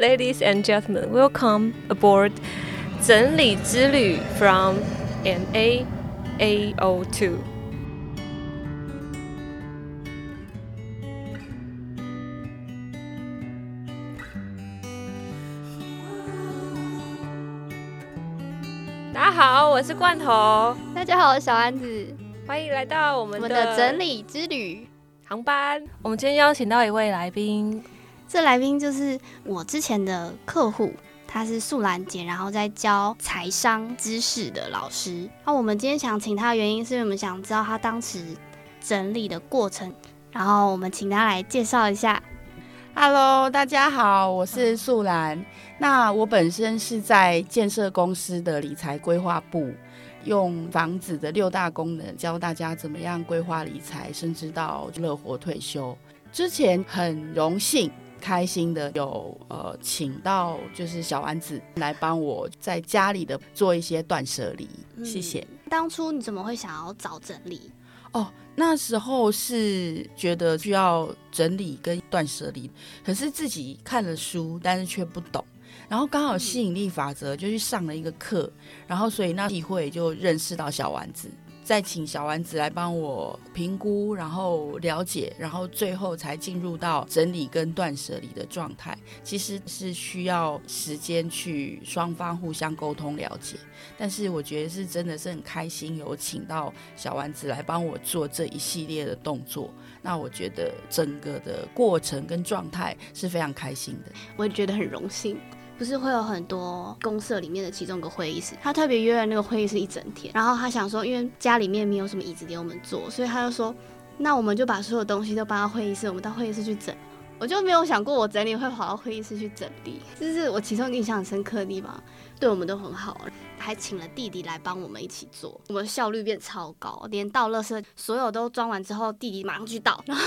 Ladies and gentlemen, welcome aboard. 整理之旅 from NAAO 2. 大家好，我是罐頭。大家好，我是小諳子。歡迎來到我們的，我們的整理之旅航班。我們今天邀請到一位來賓。這來賓就是我之前的客戶，他是素蘭姐，然後在教財商知識的老師。那我們今天想請他的原因，是因為我們想知道他當時整理的過程，然後我們請他來介紹一下。Hello，大家好，我是素蘭。嗯。那我本身是在建設公司的理財規劃部，用房子的六大功能教大家怎麼樣規劃理財，甚至到樂活退休。之前很榮幸。開心的有呃，請到就是小諳子來幫我在家裡的做一些斷捨離，嗯，謝謝。當初你怎麼會想要找整理？哦，那時候是覺得需要整理跟斷捨離，可是自己看了書，但是卻不懂。然後剛好吸引力法則就去上了一個課，嗯，然後所以那機會就認識到小諳子。再請小諳子來幫我評估，然後了解，然後最後才進入到整理跟斷捨離的狀態。其實是需要時間去雙方互相溝通了解，但是我覺得是真的是很開心，有請到小諳子來幫我做這一系列的動作。那我覺得整個的過程跟狀態是非常開心的，我也覺得很榮幸。不是會有很多公社裡面的其中一個會議室，他特別約了那個會議室一整天。然後他想說，因為家裡面沒有什麼椅子給我們坐，所以他就說，那我們就把所有東西都搬到會議室，我們到會議室去整。我就沒有想過，我整理會跑到會議室去整理，這是我其中印象很深刻的地方。對，我們都很好了，還請了弟弟來幫我們一起做，我們的效率變超高。連倒垃圾，所有都裝完之後，弟弟馬上去倒，然後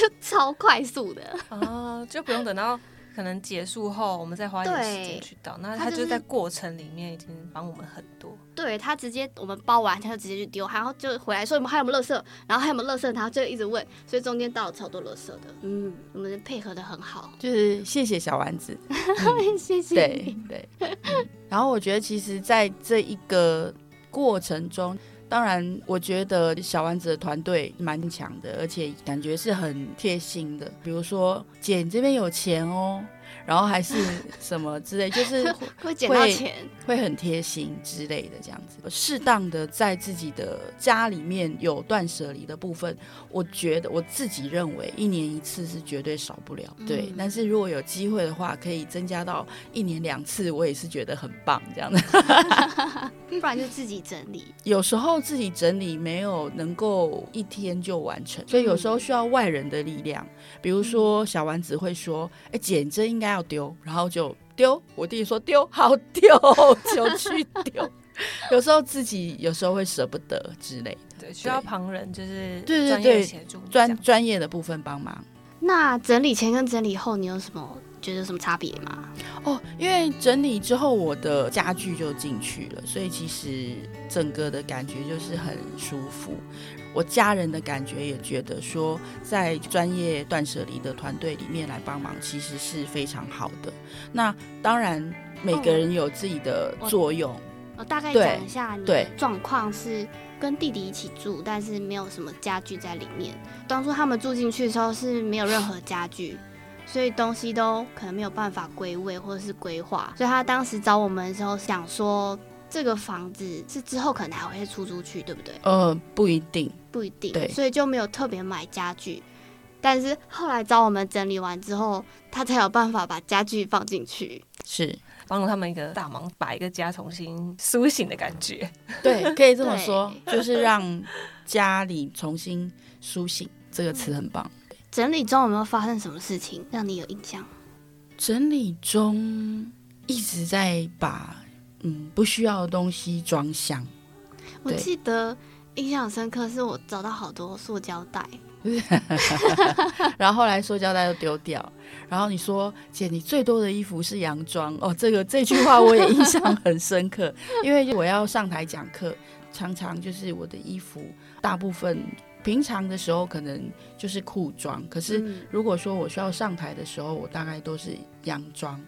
就超快速的啊，就不用等到、啊。 可能結束後，我們再花一點時間去倒。那他、就是、他就在過程裡面已經幫我們很多。對他直接，我們包完他就直接去丟，然後就回來說我們還有有沒有垃圾，然後還有有沒有垃圾，他就一直問，所以中間倒了超多垃圾的。嗯，我們配合得很好，就是謝謝小丸子，謝 謝、嗯。對對、 嗯。然後我覺得，其實在這一個過程中。當然，我覺得小丸子的團隊蠻強的，而且感覺是很貼心的。比如說，姐，你這邊有錢哦。然後還是什麼之類，就是會錢，會很貼心之類的，這樣子適當的在自己的家裡面有斷捨離的部分，我覺得我自己認為一年一次是絕對少不了，對。但是如果有機會的話，可以增加到一年兩次，我也是覺得很棒，這樣子，不然就自己整理，有時候自己整理沒有能夠一天就完成，所以有時候需要外人的力量，比如說小諳子會說：“哎，減真。”應該要丟，然後就丟。我弟弟說丟好丟，就去丟。 有時候自己有時候會捨不得之類的，需要旁人就是對對對，專專業的部分幫忙。那整理前跟整理後，你有什麼？覺得有什麼差別嗎？哦，因為整理之後我的家具就進去了，所以其實整個的感覺就是很舒服。我家人的感覺也覺得說，在專業斷捨離的團隊裡面來幫忙，其實是非常好的。那當然每個人有自己的作用。嗯，我，我大概講一下，對，對。你的狀況是跟弟弟一起住，但是沒有什麼家具在裡面。當初他們住進去的時候是沒有任何家具。 所以東西都可能沒有辦法歸位或者是規劃，所以他當時找我們的時候想說，這個房子是之後可能還會出租出去，對不對？嗯、呃，不一定，不一定。對，所以就沒有特別買家具，但是後來找我們整理完之後，他才有辦法把家具放進去，是幫了他們一個大忙，把一個家重新甦醒的感覺。對，可以這麼說，就是讓家裡重新甦醒，這個詞很棒。嗯整理中有沒有發生什麼事情讓你有印象？整理中一直在把嗯不需要的東西裝箱。我記得印象很深刻是我找到好多塑膠袋， 然後後來塑膠袋都丟掉。 然後你說：“姐，你最多的衣服是洋裝哦。”這個這句話我也印象很深刻， 因為我要上台講課，常常就是我的衣服大部分。平常的時候可能就是褲裝，可是如果說我需要上台的時候，嗯，我大概都是洋裝。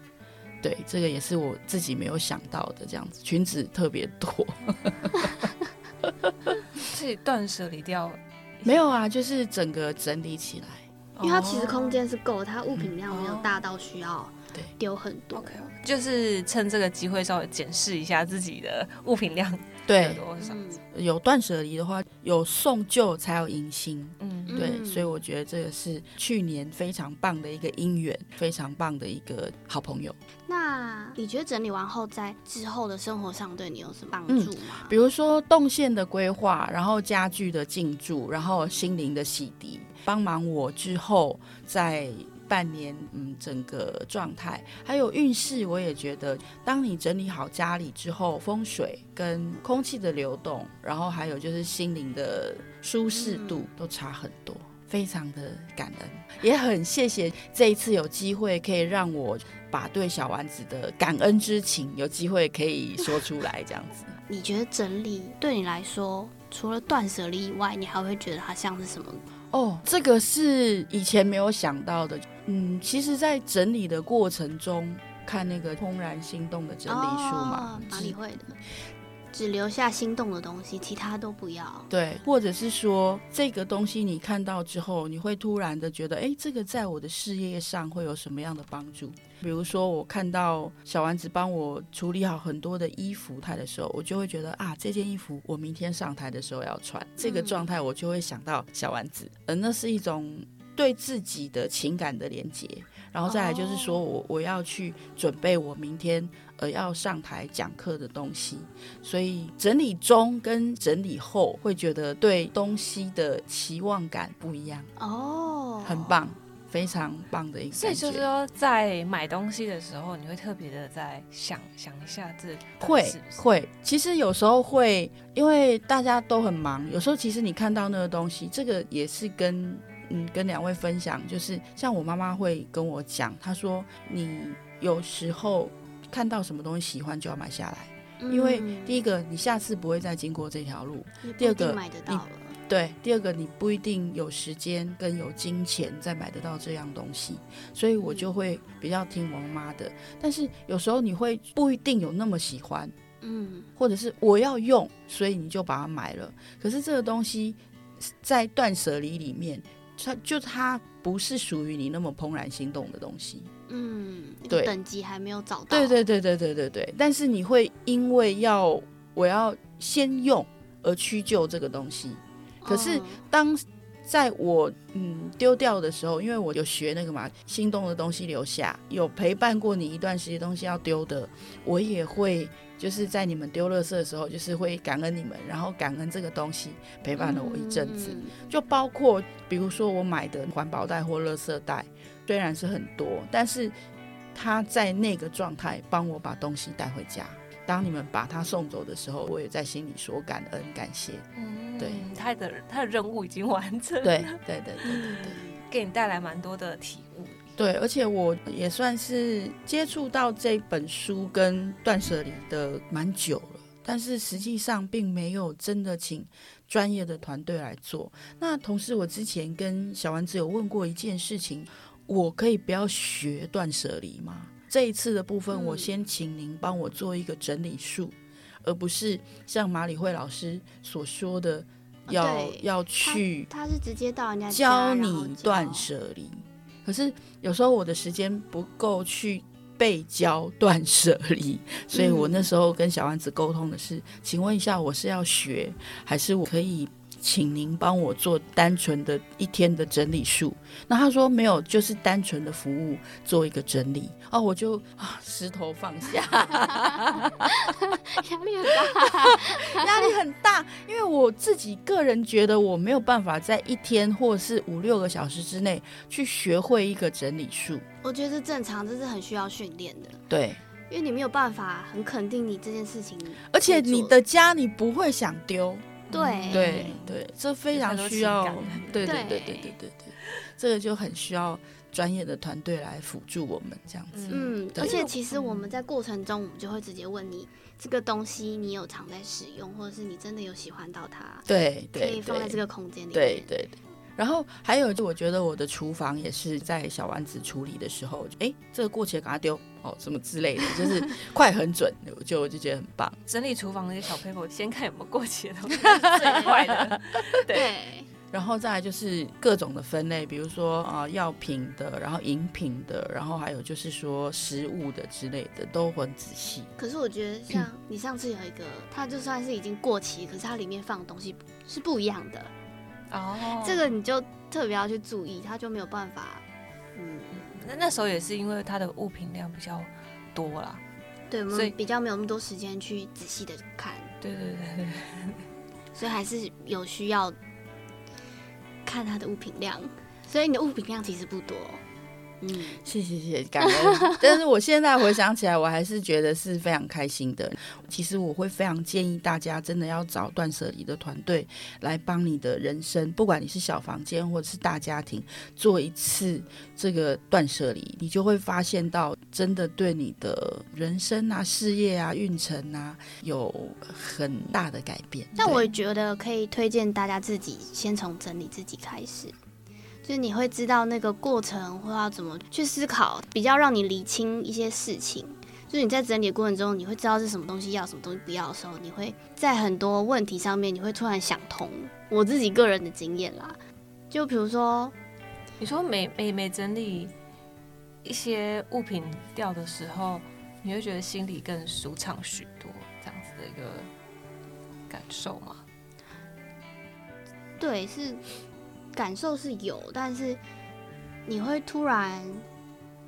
對，這個也是我自己沒有想到的，這樣子裙子特別多。 自己斷舍離掉了？沒有啊，就是整個整理起來，因為它其實空間是夠，它物品量沒有大到需要丟很多。嗯，哦，對，okay, all right. 就是趁這個機會稍微檢視一下自己的物品量。對，嗯，有斷捨離的話，有送舊才有迎新，嗯，對，所以我覺得這個是去年非常棒的一個姻緣，非常棒的一個好朋友。那你覺得整理完後，在之後的生活上對你有什麼幫助嗎？嗯，比如說動線的規劃，然後家具的進駐，然後心靈的洗滌，幫忙我之後在。半年，嗯，整個狀態還有運勢，我也覺得，當你整理好家裡之後，風水跟空氣的流動，然後還有就是心靈的舒適度都差很多，嗯、非常的感恩，也很謝謝這一次有機會可以讓我把對小諳子的感恩之情有機會可以說出來，嗯、這樣子。你覺得整理對你來說，除了斷捨離以外，你還會覺得它像是什麼？哦，這個是以前沒有想到的。嗯，其實，在整理的過程中，看那個《怦然心動》的整理書嘛，哦、哪裡會的呢？只留下心動的東西，其他都不要。對，或者是說這個東西你看到之後，你會突然的覺得，哎，這個在我的事業上會有什麼樣的幫助？比如說我看到小諳子幫我處理好很多的衣服台的時候，我就會覺得啊，這件衣服我明天上台的時候要穿，這個狀態我就會想到小諳子，而那是一種對自己的情感的連接。然後再來就是說我、oh. 我要去準備我明天呃要上台講課的東西，所以整理中跟整理後會覺得對東西的期望感不一樣哦，oh. 很棒，非常棒的一個。所以就是說在買東西的時候，你會特別的在想想一下這是是會會，其實有時候會因為大家都很忙，有時候其實你看到那個東西，這個也是跟。嗯，跟兩位分享，就是像我媽媽會跟我講，她說：“你有時候看到什麼東西喜歡，就要買下來，嗯，因為第一個，你下次不會再經過這條路，嗯，第二個，買得到了。你，對，第二個，你不一定有時間跟有金錢再買得到這樣東西，所以我就會比較聽我媽的。但是有時候你會不一定有那麼喜歡，嗯，或者是我要用，所以你就把它買了。可是這個東西在斷捨離裡面。它就它不是屬於你那麼怦然心動的東西，嗯，對，等級還沒有找到。對對對對對對對。但是你會因為要我要先用而屈就這個東西，可是當在我嗯丟掉的時候，因為我有學那個嘛，心動的東西留下，有陪伴過你一段時間東西要丟的，我也會。就是在你們丟垃圾的時候，就是會感恩你們，然後感恩這個東西陪伴了我一陣子、嗯。就包括比如說我買的環保袋或垃圾袋，雖然是很多，但是他在那個狀態幫我把東西帶回家。當你們把它送走的時候，我也在心裡說感恩感謝、嗯。對，他的他的任務已經完成了。對對，對對對對對，給你帶來蠻多的體。對，而且我也算是接觸到這本書跟斷捨離的蠻久了，但是實際上並沒有真的請專業的團隊來做。那同時，我之前跟小丸子有問過一件事情，我可以不要學斷捨離嗎？這一次的部分，我先請您幫我做一個整理術、嗯，而不是像麻理惠老師所說的要要去他，他是直接到人家家，教你斷捨離。可是有時候我的時間不夠去背教斷捨離，所以我那時候跟小諳子溝通的是，請問一下，我是要學，還是我可以？請您幫我做單純的一天的整理術。那他說沒有，就是單純的服務做一個整理。哦，我就、啊、石頭放下，壓 力很大，壓 力很大。因為我自己個人覺得我沒有辦法在一天或是五六個小時之內去學會一個整理術。我覺得正常，這是很需要訓練的。對，因為你沒有辦法很肯定你這件事情。而且你的家你不會想丟。對對對，這非常需要。對對對對對對，這個就很需要專業的團隊來輔助我們這樣子。嗯,嗯，而且其實我們在過程中，我們就會直接問你、嗯、這個東西，你有常在使用，或者是你真的有喜歡到它。對對,對，可以放在這個空間裡面。對對,對,對。然後還有就我覺得我的廚房也是在小丸子處理的時候，哎，這個過期的趕快丟哦，什麼之類的，就是快很準，就我就覺得很棒。整理廚房那些小朋友先看有沒有過期的東西，最快的。 對。然後再來就是各種的分類，比如說啊藥品的，然後飲品的，然後還有就是說食物的之類的，都很仔細。可是我覺得像你上次有一個，嗯、它就算是已經過期，可是它裡面放的東西是不一樣的。哦，這個你就特別要去注意，他就沒有辦法。嗯，那那時候也是因為他的物品量比較多啦，對，我們比較沒有那麼多時間去仔細的看。對對對對，所以還是有需要看他的物品量，所以你的物品量其實不多。嗯，謝謝謝感恩。 但是我現在回想起來，我還是覺得是非常開心的。其實我會非常建議大家，真的要找斷捨離的團隊來幫你的人生，不管你是小房間或者是大家庭，做一次這個斷捨離，你就會發現到真的對你的人生啊、事業啊、運程啊有很大的改變。那我也覺得可以推薦大家自己先從整理自己開始。就你會知道那個過程或要怎麼去思考，比較讓你理清一些事情。就是你在整理的過程中，你會知道是什麼東西要，什麼東西不要的時候，你會在很多問題上面，你會突然想通。我自己個人的經驗啦，就比如說，你說每每每整理一些物品掉的時候，你會覺得心裡更舒暢許多，這樣子的一個感受嗎？對，是。感受是有，但是你會突然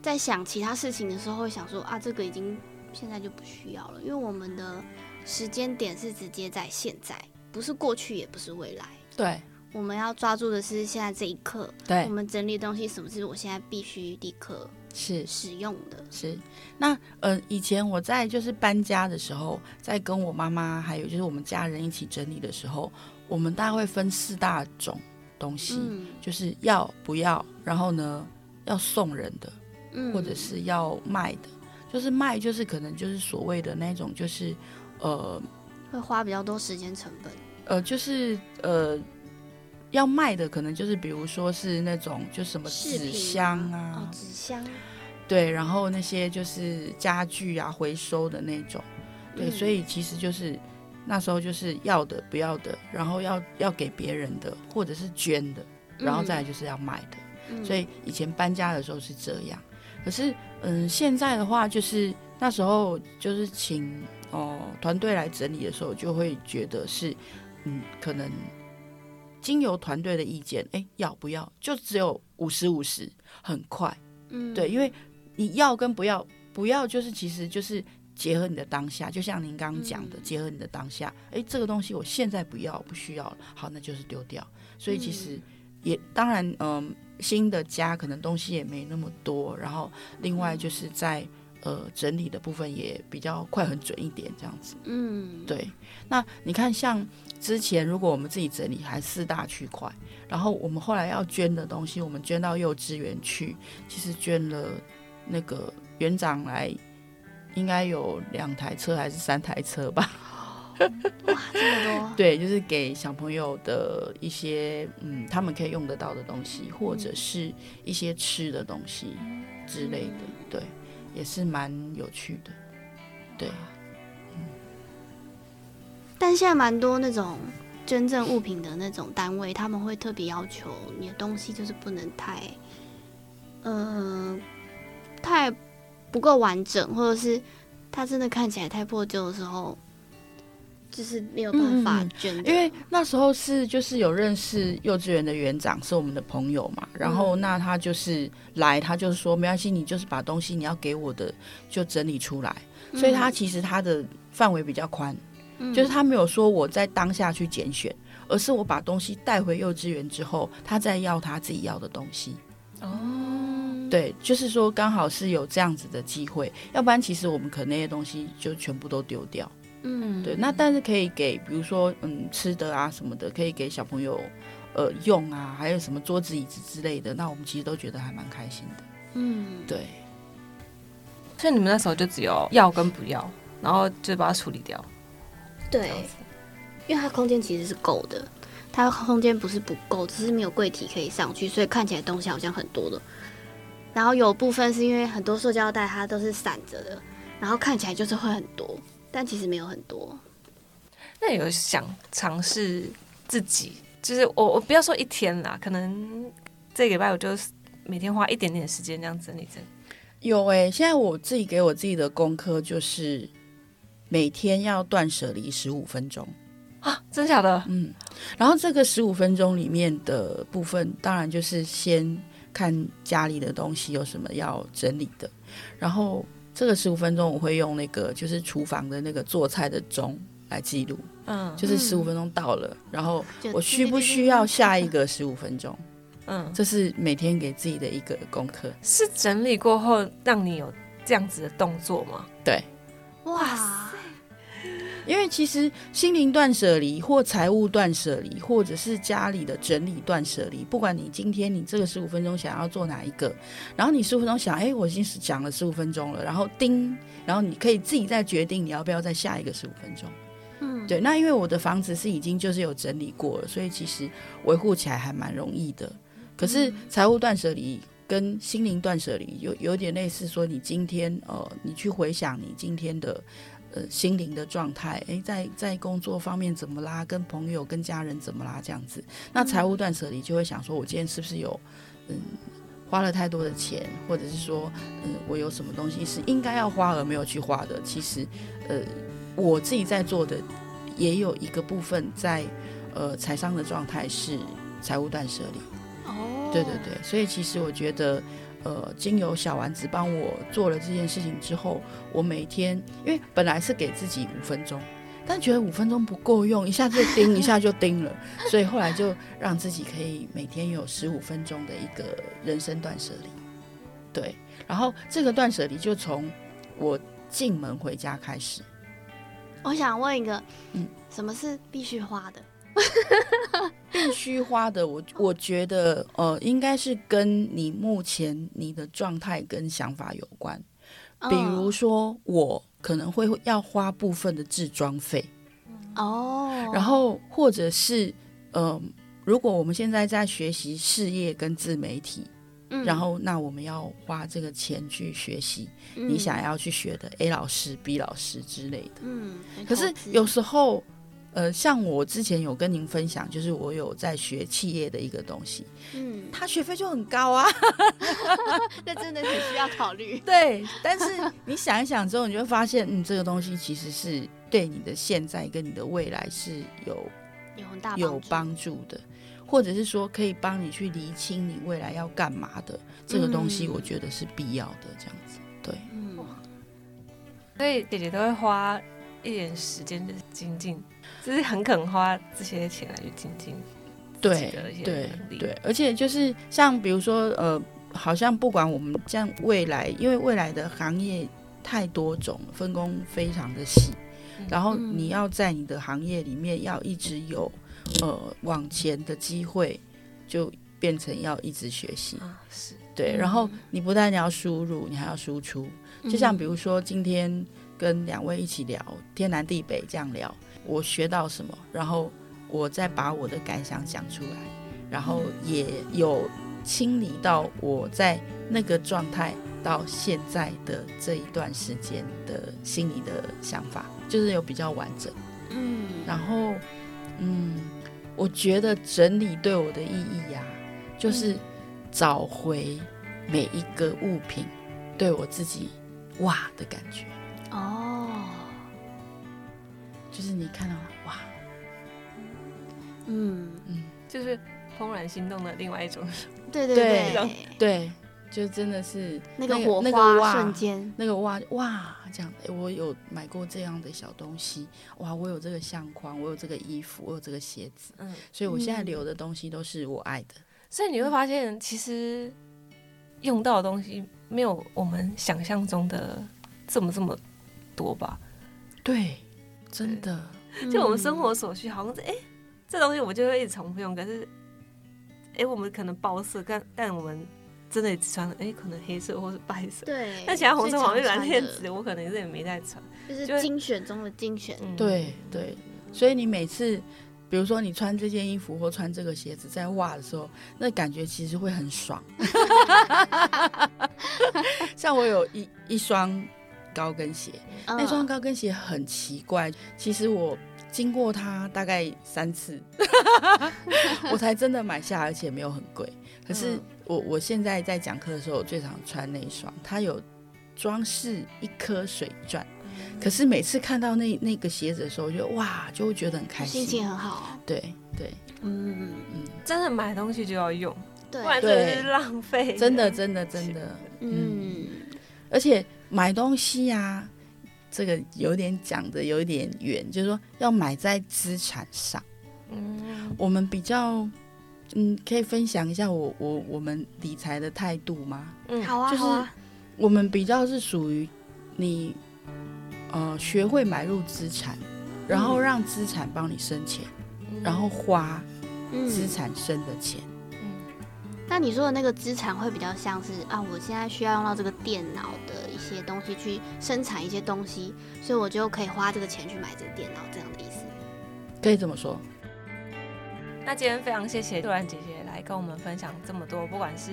在想其他事情的時候，會想說啊，這個已經現在就不需要了，因為我們的時間點是直接在現在，不是過去，也不是未來。對，我們要抓住的是現在這一刻。對，我們整理東西，什麼是我現在必須立刻是使用的？是。是那呃，以前我在就是搬家的時候，在跟我媽媽還有就是我們家人一起整理的時候，我們大概會分四大種。東西、嗯、就是要不要，然後呢，要送人的，嗯、或者是要賣的，就是賣，就是可能就是所謂的那種，就是呃，會花比較多時間成本。呃，就是呃，要賣的可能就是，比如說是那種就什麼紙箱啊，紙箱、啊哦，對，然後那些就是家具啊，回收的那種，對、嗯，所以其實就是。那時候就是要的，不要的，然後要要給別人的，或者是捐的，然後再來就是要賣的、嗯。所以以前搬家的時候是這樣，嗯、可是嗯、呃，現在的話就是那時候就是請哦團隊來整理的時候，就會覺得是嗯，可能經由團隊的意見，哎、欸、要不要？就只有五十五十，很快。嗯，對，因為你要跟不要，不要就是其實就是。結合你的當下，就像您剛剛講的、嗯，結合你的當下，哎，這個東西我現在不要，不需要，好，那就是丟掉。所以其實也、嗯、當然，嗯、呃，新的家可能東西也沒那麼多，然後另外就是在、嗯、呃整理的部分也比較快很準一點，這樣子。嗯，對。那你看，像之前如果我們自己整理，還四大區塊，然後我們後來要捐的東西，我們捐到幼稚園去，其實捐了那個園長來。應該有兩台車還是三台車吧？哇，這麼多！ 對，就是給小朋友的一些，嗯，他們可以用得到的東西，嗯、或者是一些吃的東西之類的。嗯、對，也是蠻有趣的。對嗯。但現在蠻多那種捐贈物品的那種單位， 他們會特別要求你的東西就是不能太，嗯、呃，太。不夠完整，或者是他真的看起來太破舊的時候，就是沒有辦法捐。嗯，因為那時候是就是有認識幼稚園的園長、嗯、是我們的朋友嘛，然後那他就是來，嗯、他就是說沒關係，你就是把東西你要給我的就整理出來。嗯、所以他其實他的範圍比較寬、嗯，就是他沒有說我在當下去揀選、嗯，而是我把東西帶回幼稚園之後，他再要他自己要的東西。哦、嗯。對，就是說剛好是有這樣子的機會，要不然其實我們可能那些東西就全部都丟掉。嗯，對。那但是可以給，比如說嗯吃的啊什麼的，可以給小朋友呃用啊，還有什麼桌子椅子之類的。那我們其實都覺得還蠻開心的。嗯，對。所以你們那時候就只有要跟不要，然後就把它處理掉。對。因為它的空間其實是夠的，它空間不是不夠，只是沒有櫃體可以上去，所以看起來東西好像很多的。然後有部分是因為很多塑膠袋它都是散着的，然後看起來就是會很多，但其實沒有很多。那有想嘗試自己，就是我我不要說一天啦，可能這個禮拜我就每天花一點點時間這樣整理整理。有哎，現在我自己給我自己的功課就是每天要斷捨離十五分鐘啊，真的假的？嗯。然後這個十五分鐘裡面的部分，當然就是先。看家裡的東西有什麼要整理的，然後這個十五分鐘我會用那個就是廚房的那個做菜的鐘來記錄，嗯，就是十五分鐘到了，嗯，然後我需不需要下一個十五分鐘？嗯，這是每天給自己的一個功課，是整理過後讓你有這樣子的動作嗎？對，哇塞。因為其實心靈斷捨離，或財務斷捨離，或者是家裡的整理斷捨離，不管你今天你這個十五分鐘想要做哪一個，然後你十五分鐘想，誒，我已經講了十五分鐘了，然後叮，然後你可以自己再決定你要不要再下一個十五分鐘。嗯，對，那因為我的房子是已經就是有整理過了，所以其實維護起來還蠻容易的。可是財務斷捨離。跟心靈斷捨離有有點類似，說你今天，呃，你去回想你今天的，呃，心靈的狀態，誒，在在工作方面怎麼啦？跟朋友、跟家人怎麼啦？這樣子，那財務斷捨離就會想說，我今天是不是有，嗯，花了太多的錢，或者是說，嗯，我有什麼東西是應該要花而沒有去花的？其實，呃，我自己在做的也有一個部分在，呃，財商的狀態是財務斷捨離。哦。對對對，所以其實我覺得，呃，經由小諳子幫我做了這件事情之後，我每天因為本來是給自己五分鐘，但覺得五分鐘不夠用，一下子就盯一下就盯了， 所以後來就讓自己可以每天有十五分鐘的一個人生斷捨離。對，然後這個斷捨離就從我進門回家開始。我想問一個，嗯，什麼是必須花的？ 必須花的，我我覺得呃，應該是跟你目前你的狀態跟想法有關。比如說，oh. 我可能會要花部分的置裝費哦，oh. 然後或者是呃，如果我們現在在學習事業跟自媒體，mm. 然後那我們要花這個錢去學習，mm. 你想要去學的 A 老師、B 老師之類的。嗯、mm.，可是有時候。呃，像我之前有跟您分享，就是我有在學企業的一個東西，嗯，他學費就很高啊， 那真的是 需要考慮。對，但是你想一想之後，你就會發現，嗯，這個東西其實是對你的現在跟你的未來是有有很大有幫助的，或者是說可以幫你去釐清你未來要幹嘛的、嗯、這個東西，我覺得是必要的。這樣子，對，嗯，所以姐姐都會花一點時間的精進。就是很肯花這些錢來去精進，對，對，對，而且就是像比如說呃，好像不管我們這樣未來，因為未來的行業太多種，分工非常的細、嗯，然後你要在你的行業裡面要一直有、嗯、呃往前的機會，就變成要一直學習，啊、是對、嗯，然後你不但你要輸入，你還要輸出，就像比如說今天跟兩位一起聊，天南地北這樣聊。我學到什麼，然後我再把我的感想講出來，然後也有清理到我在那個狀態到現在的這一段時間的心裡的想法，就是有比較完整，嗯，然後嗯，我覺得整理對我的意義啊，就是找回每一個物品對我自己哇的感覺哦。就是你看到了哇，嗯嗯，就是怦然心動的另外一種，對對對對，對，就真的是那個、那個、火花瞬間，那個哇、那個、哇，哇這樣、欸。我有買過這樣的小東西，哇，我有這個相框，我有這個衣服，我有這個鞋子，嗯，所以我現在留的東西都是我愛的。嗯、所以你會發現，其實用到的東西沒有我們想象中的這麼這麼多吧？對。真的，就我們生活所需，好像哎、嗯欸，這東西我們就會一直重複用。可是，哎、欸，我們可能包色，但但我們真的也只穿了，哎、欸，可能黑色或是白色，對。但其他紅色、黃色、藍色、紫色，我可能這也沒在穿。就是精選中的精選，嗯、對對。所以你每次，比如說你穿這件衣服或穿這個鞋子，在哇的時候，那感覺其實會很爽。 像我有一一雙。高跟鞋，那雙高跟鞋很奇怪、嗯。其實我經過它大概三次， 我才真的買下，而且沒有很貴。可是我我現在在講課的時候，我最常穿那一雙，它有裝飾一顆水鑽、嗯。可是每次看到那那個鞋子的時候，我就，我覺得哇，就會覺得很開心，心情很好、啊。對對，嗯嗯，真的買東西就要用。對，不然這就是浪費。真的真的真的嗯，嗯，而且。買東西呀、啊，這個有點講得有點遠，就是說要買在資產上。嗯，我們比較，嗯，可以分享一下我我我們理財的態度嗎？嗯，好啊，就是我們比較是屬於你，呃，學會買入資產，然後讓資產幫你生錢，嗯、然後花資產生的錢。那你說的那個資產會比較像是啊，我現在需要用到這個電腦的一些東西去生產一些東西，所以我就可以花這個錢去買這個電腦這樣的意思。可以這麼說。那今天非常謝謝素蘭姐姐來跟我們分享這麼多，不管是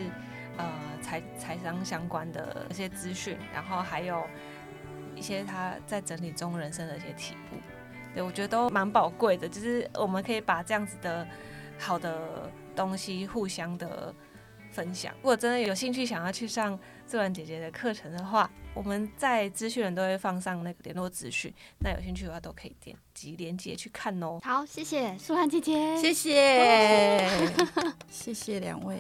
呃財財商相關的一些資訊，然後還有一些她在整理中人生的一些體悟，對，我覺得都蠻寶貴的。就是我們可以把這樣子的好的東西互相的。分享，如果真的有興趣想要去上素蘭姐姐的課程的話，我們在資訊欄都會放上那個聯絡資訊，那有興趣的話都可以點擊連結去看哦。好，謝謝素蘭姐姐，謝謝， 謝謝兩位。